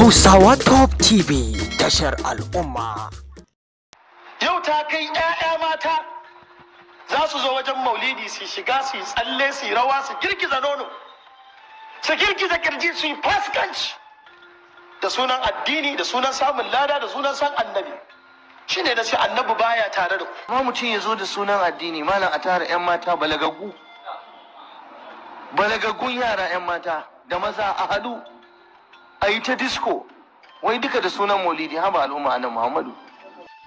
Hausawa Top TV tashar al'umma. Yau ta kai ‘ya'ya mata za su zo wajen maulidi su shiga su yi tsalle su yi rawa su girgiza nono, su girgiza kirji su yi faskanci da sunan addini da sunan samun lada da sunan san annabi. Shi ne da shi annabi baya tare da ku. Ma mutum ya zo da sunan addini malam a tara ‘yan mata balagaggu. Balagaggun yara ‘yan mata da maza a haɗu. a yi ta disko wai duka da sunan maulidi ba al'umma nan muhammadu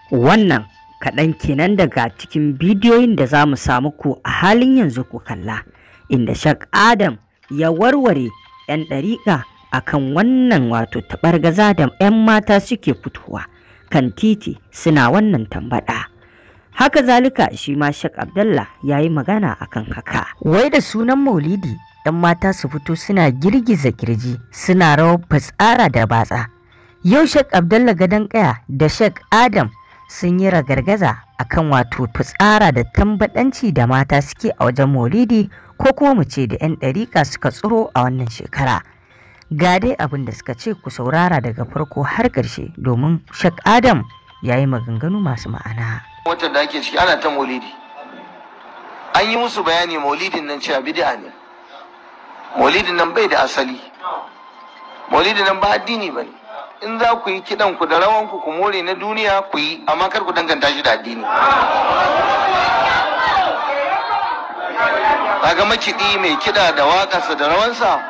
wannan kaɗan kenan daga cikin bidiyoyin da za mu samu ku a halin yanzu ku kalla inda shak adam ya warware 'yan ɗariƙa a kan wannan wato taɓargaza da 'yan mata suke fitowa kan titi suna wannan tambaɗa. haka zalika shi ma shak abdallah ya yi magana a kan haka wai da sunan maulidi 'yan mata su fito suna girgiza kirji suna rawar fitsara da batsa yau shek abdalla gadon kaya da shek adam sun yi ragargaza akan wato fitsara da tambaɗanci da mata suke a wajen maulidi ko kuma mu ce da 'yan ɗarika suka tsiro a wannan shekara ga dai abin da suka ce ku saurara daga farko har ƙarshe domin shek adam ya yi maganganu masu ma'ana wata da ake ciki ana ta maulidi an yi musu bayani maulidin nan cewa bid'a ne maulidin nan bai da asali maulidin nan ba addini ba ne in za ku yi kidan ku da rawan ku more na duniya ku yi amma kar ku danganta shi da addini kaga makiɗi mai kiɗa da waƙarsa da rawansa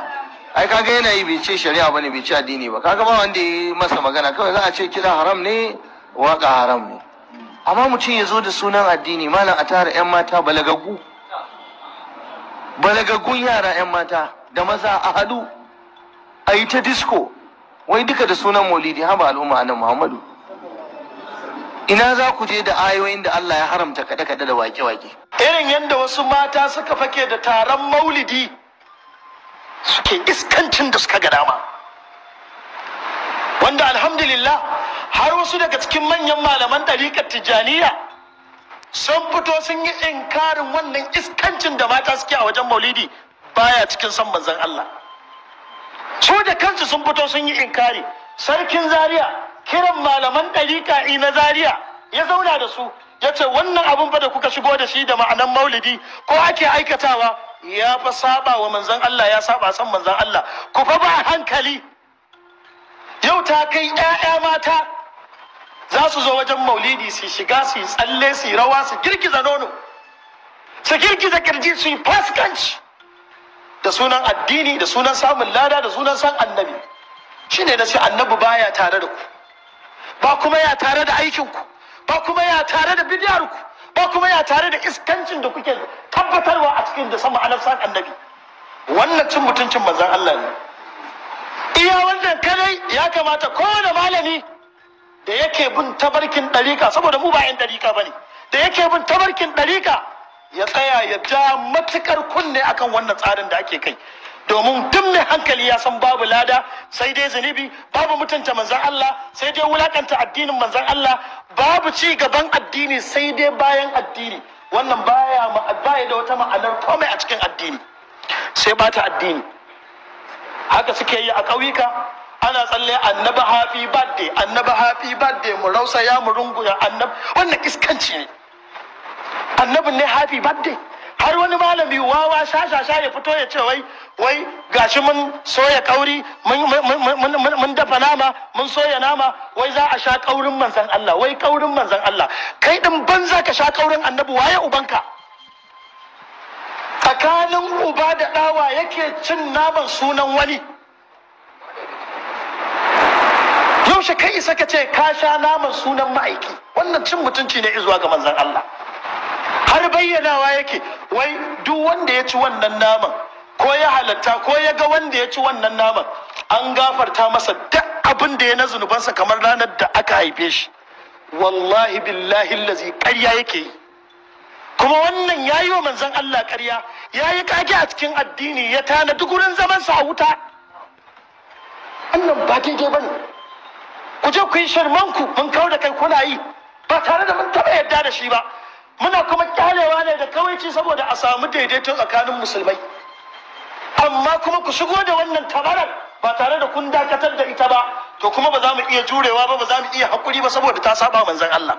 ai kaga yana yi bai ce shari'a bane bai ce addini ba kaga ba wanda ya masa magana kawai za a ce kiɗa haram ne waƙa haram ne amma mutum ya zo da sunan addini malam a tara 'yan mata balagaggu Balagagun yara 'yan mata da maza a haɗu a yi ta disko wai duka da sunan maulidi haba al'umma nan muhammadu ina za ku je da ayoyin da Allah ya haramta kaɗe-kaɗe da wake-wake irin yadda wasu mata suka fake da taron maulidi suke iskancin da suka ga dama wanda alhamdulillah har wasu daga cikin manyan malaman ɗariƙar tijjaniya sun fito sun yi inkarin wannan iskancin da mata suke a wajen maulidi baya cikin son manzon Allah su da kansu sun fito sun yi inkari sarkin zaria kiran malaman ɗariƙa na zaria ya zauna da su ya ce wannan abin fa da kuka shigo da shi da ma'anan maulidi ko ake aikatawa ya fa saba wa manzon Allah ya saba san manzon Allah ku fa ba hankali yau ta kai 'ya'ya mata za su zo wajen maulidi su shiga su yi tsalle su yi rawa su girgiza nono su girgiza kirji su yi fasikanci da sunan addini da sunan samun lada da sunan san annabi shine na ce annabi baya tare da ku ba kuma ya tare da aikinku, ba kuma ya tare da bidiyarku ba kuma ya tare da iskancin da kuke tabbatarwa a cikin da sama anan san annabi wannan cin mutuncin manzon Allah ne iya wannan kadai ya kamata kowane malami da yake bin tabarkin ɗariƙa saboda mu ba ɗarika ɗariƙa ba ne da yake bin tabarkin ɗariƙa ya tsaya ya ja matuƙar kunne akan wannan tsarin da ake kai domin duk mai hankali ya san babu lada sai dai zunubi babu mutunta manzan Allah sai dai wulakanta addinin manzan Allah babu ci gaban addini sai dai bayan addini wannan baya baya da wata ma'anar komai a cikin addini sai bata addini haka suke yi a ƙauyuka ana tsalle annabi happy birthday annabi happy birthday mu rausa ya mu runguya annabi wannan iskanci ne annabin ne happy birthday har wani malami wawa shashasha ya fito ya ce wai wai gashi mun soya kauri mun dafa nama mun soya nama wai za a sha kaurin manzan Allah wai kaurin manzan Allah kai din ban ka sha kaurin annabi waye ubanka tsakanin uba da ɗawa yake cin naman sunan wani yaushe kai isa ka ce ka sha naman sunan ma'aiki wannan cin mutunci ne izuwa ga manzon Allah har bayyanawa yake wai duk wanda ya ci wannan naman ko ya halatta ko ya ga wanda ya ci wannan naman an gafarta masa duk abin da ya na zunubansa kamar ranar da aka haife shi wallahi billahi lazi ƙarya yake yi kuma wannan ya yi wa manzan Allah ƙarya ya yi kage a cikin addini ya tana duk wurin zamansa a wuta wannan ba daidai ba ku je ku yi shirmanku mun kawo da kai kuna yi ba tare da mun taɓa yadda da shi ba muna kuma kyalewa ne da kawaici saboda a samu daidaito tsakanin musulmai amma kuma ku shigo da wannan tabarar ba tare da kun dakatar da ita ba to kuma ba za mu iya jurewa ba ba za mu iya hakuri ba saboda ta saba manzon Allah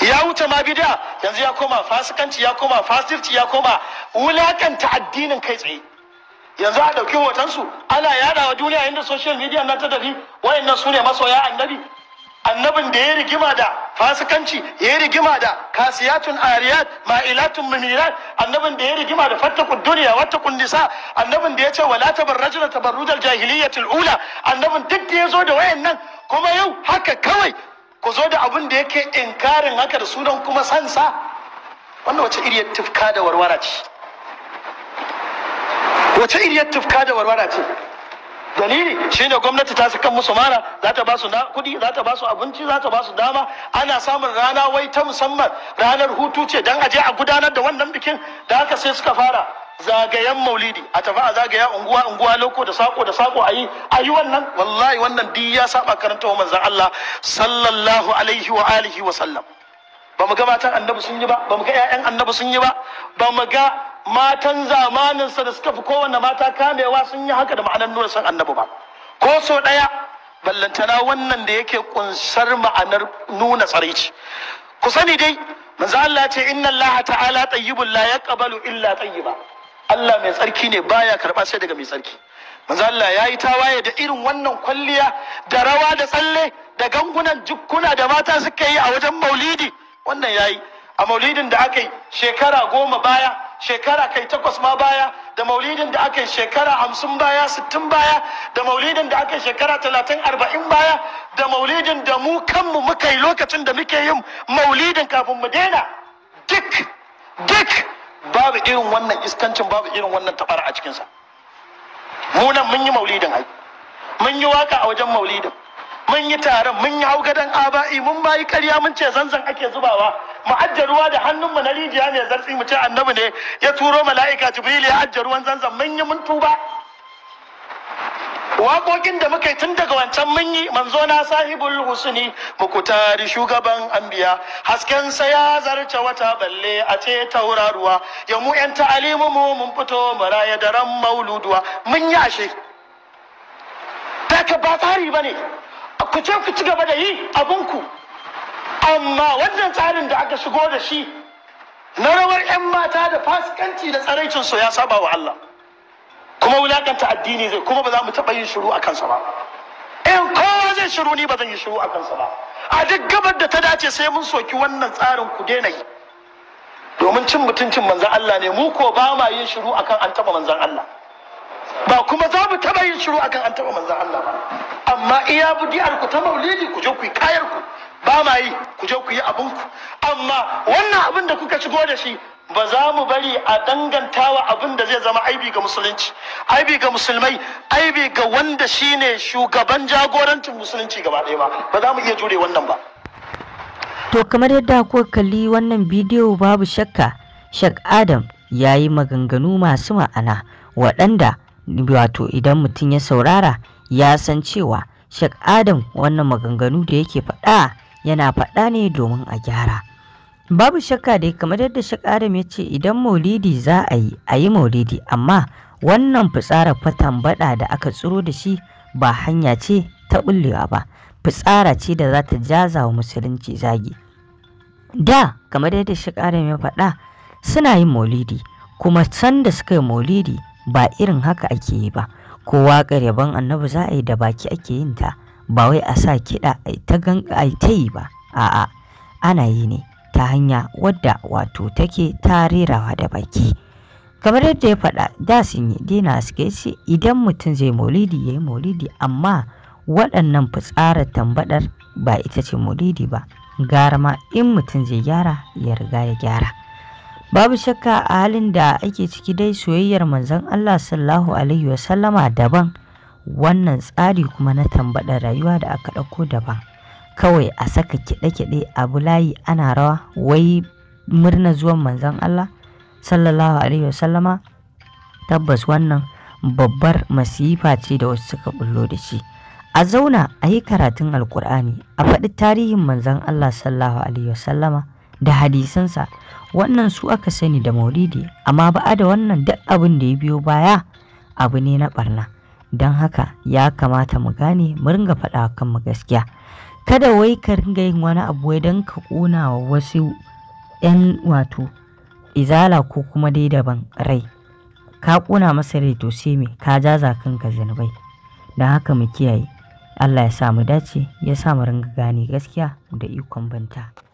ya wuce ma bid'a yanzu ya koma fasikanci ya koma fasirci ya koma wulakanta addinin kai tsaye yanzu a ɗauki hotonsu ana yada wa duniya inda social media na ta tafi wayannan su ne masoya annabi annabin da ya rigima da fasikanci ya yi rigima da kasiyatun ariyat ma'ilatun mumirat annabin da ya rigima da fattaku duniya wata Kundisa. annabin da ya ce wala da tabarrujal jahiliyatul ula annabin duk da ya zo da wayannan kuma yau haka kawai ku zo da abin da yake inkarin haka da sunan kuma sansa wannan wace iriyar tifka da warwara ce wace iriyar tufka da warwara ce dalili shine gwamnati ta saka musu mara za ta basu kudi za ta basu abinci za ta basu dama ana samun rana wai ta musamman ranar hutu ce dan aje a gudanar da wannan bikin da haka sai suka fara zagayen maulidi a tafi a zagaya unguwa unguwa loko da sako da sako ayi ayi wannan wallahi wannan duk ya saba karanta wa manzon Allah sallallahu alaihi wa alihi wa sallam bamu ga matan annabi sun yi ba bamu ga ƴaƴan annabi sun yi ba bamu ga matan zamaninsa da suka fi kowane mata kamewa sun yi haka da ma'anar nuna san annabi ba ko so ɗaya ballantana wannan da yake kunsar ma'anar nuna tsaraici ku sani dai manzo Allah ce inna Allah ta'ala tayyibul la yaqbalu illa tayyiba Allah mai tsarki ne baya karba sai daga mai tsarki manzo Allah yayi tawaye da irin wannan kwalliya da rawa da tsalle da gangunan jukkuna da mata suka yi a wajen maulidi wannan yayi a maulidin da aka yi shekara goma baya shekara kai takwas ma baya da maulidin da aka yi shekara hamsin baya sittin baya da maulidin da aka yi shekara talatin arba'in baya da maulidin da mu kanmu muka yi lokacin da muke yin maulidin kafin mu daina duk duk babu irin wannan iskancin babu irin wannan tabara a cikinsa mu nan mun yi maulidin ai mun yi waka a wajen maulidin mun yi taron mun yi gadon aba'i mun bayi karya mun ce zanzan ake zubawa mu ajje ruwa da hannunmu na rijiya mai zartsi mu ce annabi ne ya turo mala'ika jibril ya ajje ruwan zanzan mun yi mun tuba waƙoƙin da muka yi tun daga wancan mun yi manzo na sahibul husni mukutari shugaban anbiya hasken sa ya zarce wata balle a ce tauraruwa ya mu yan ta'alimu mu mun fito maraya daren mauluduwa mun yi ashe. daga ba tsari ne. ku ce ku ci gaba da yi abinku amma wannan tsarin da aka shigo da shi na rawar 'yan mata da fasikanci da so ya saba wa Allah kuma wulakanta addini zai kuma ba za mu taɓa yin shiru a kansa ba in kowa zai shiru ni ba zan yi shiru a kansa ba a duk gabar da ta dace sai mun soki wannan tsarin ku daina yi domin cin mutuncin manzan Allah ne mu ko ba ma yin shiru akan an taɓa manzan Allah ba kuma za mu taba yin shiru akan an taba manzan Allah ba amma iya bidiyar ku ta maulidi ku je ku yi kayar ku ba ma yi ku je ku yi abin ku amma wannan abin da kuka shigo da shi ba za mu bari a dangantawa abin da zai zama aibi ga musulunci aibi ga musulmai aibi ga wanda shine shugaban jagorancin musulunci gaba ɗaya ba ba za mu iya jure wannan ba to kamar yadda ku kalli wannan bidiyo babu shakka shak adam yayi maganganu masu ma'ana waɗanda wato idan mutum ya saurara ya san cewa shek Adam wannan maganganu da yake faɗa yana faɗa ne domin a gyara. Babu shakka dai kamar yadda shek Adam ya ce idan maulidi za a yi a yi maulidi amma wannan fitsara fatan baɗa da aka tsiro da shi ba hanya ce ta bullewa ba fitsara ce da za ta jaza wa musulunci zagi. Da kamar yadda shek Adam ya faɗa suna yin maulidi kuma sanda suka yi maulidi ba irin haka ake yi ba kowa waƙar yabon annabi za a yi da baki ake yin ta ba wai a sa kiɗa a ta yi ba a'a ana yi ne ta hanya wadda wato take tarirawa da baki kamar yadda ya faɗa da sun yi dina suke ce idan mutum zai maulidi ya yi maulidi amma waɗannan fitsara tambaɗar ba ita ce maulidi ba gara ma in mutum zai gyara ya riga ya gyara babu shakka a halin da ake ciki dai soyayyar manzon Allah sallallahu alaihi wasallama daban wannan tsari kuma na tambaɗa rayuwa da aka ɗauko daban kawai a saka kiɗe-kiɗe abu layi ana rawa wai murna zuwan manzon Allah sallallahu alaihi wasallama tabbas wannan babbar masifa ce da wasu suka bullo da shi a zauna a yi karatun alkur'ani a faɗi tarihin manzon Allah sallallahu alaihi wasallama da hadisansa wannan su aka sani da maulidi amma ba'a da wannan duk abin da ya biyo baya abu ne na barna don haka ya kamata mu gane mu ringa faɗa mu gaskiya kada wai ka ringa yin wani abu wai don ka ƙona wa wasu 'yan wato izala ko kuma dai daban rai ka ƙona masa rai to sai me ka jaza kanka zunubai don haka mu kiyaye Allah ya sa mu dace ya sa mu ringa gane gaskiya da ikon banta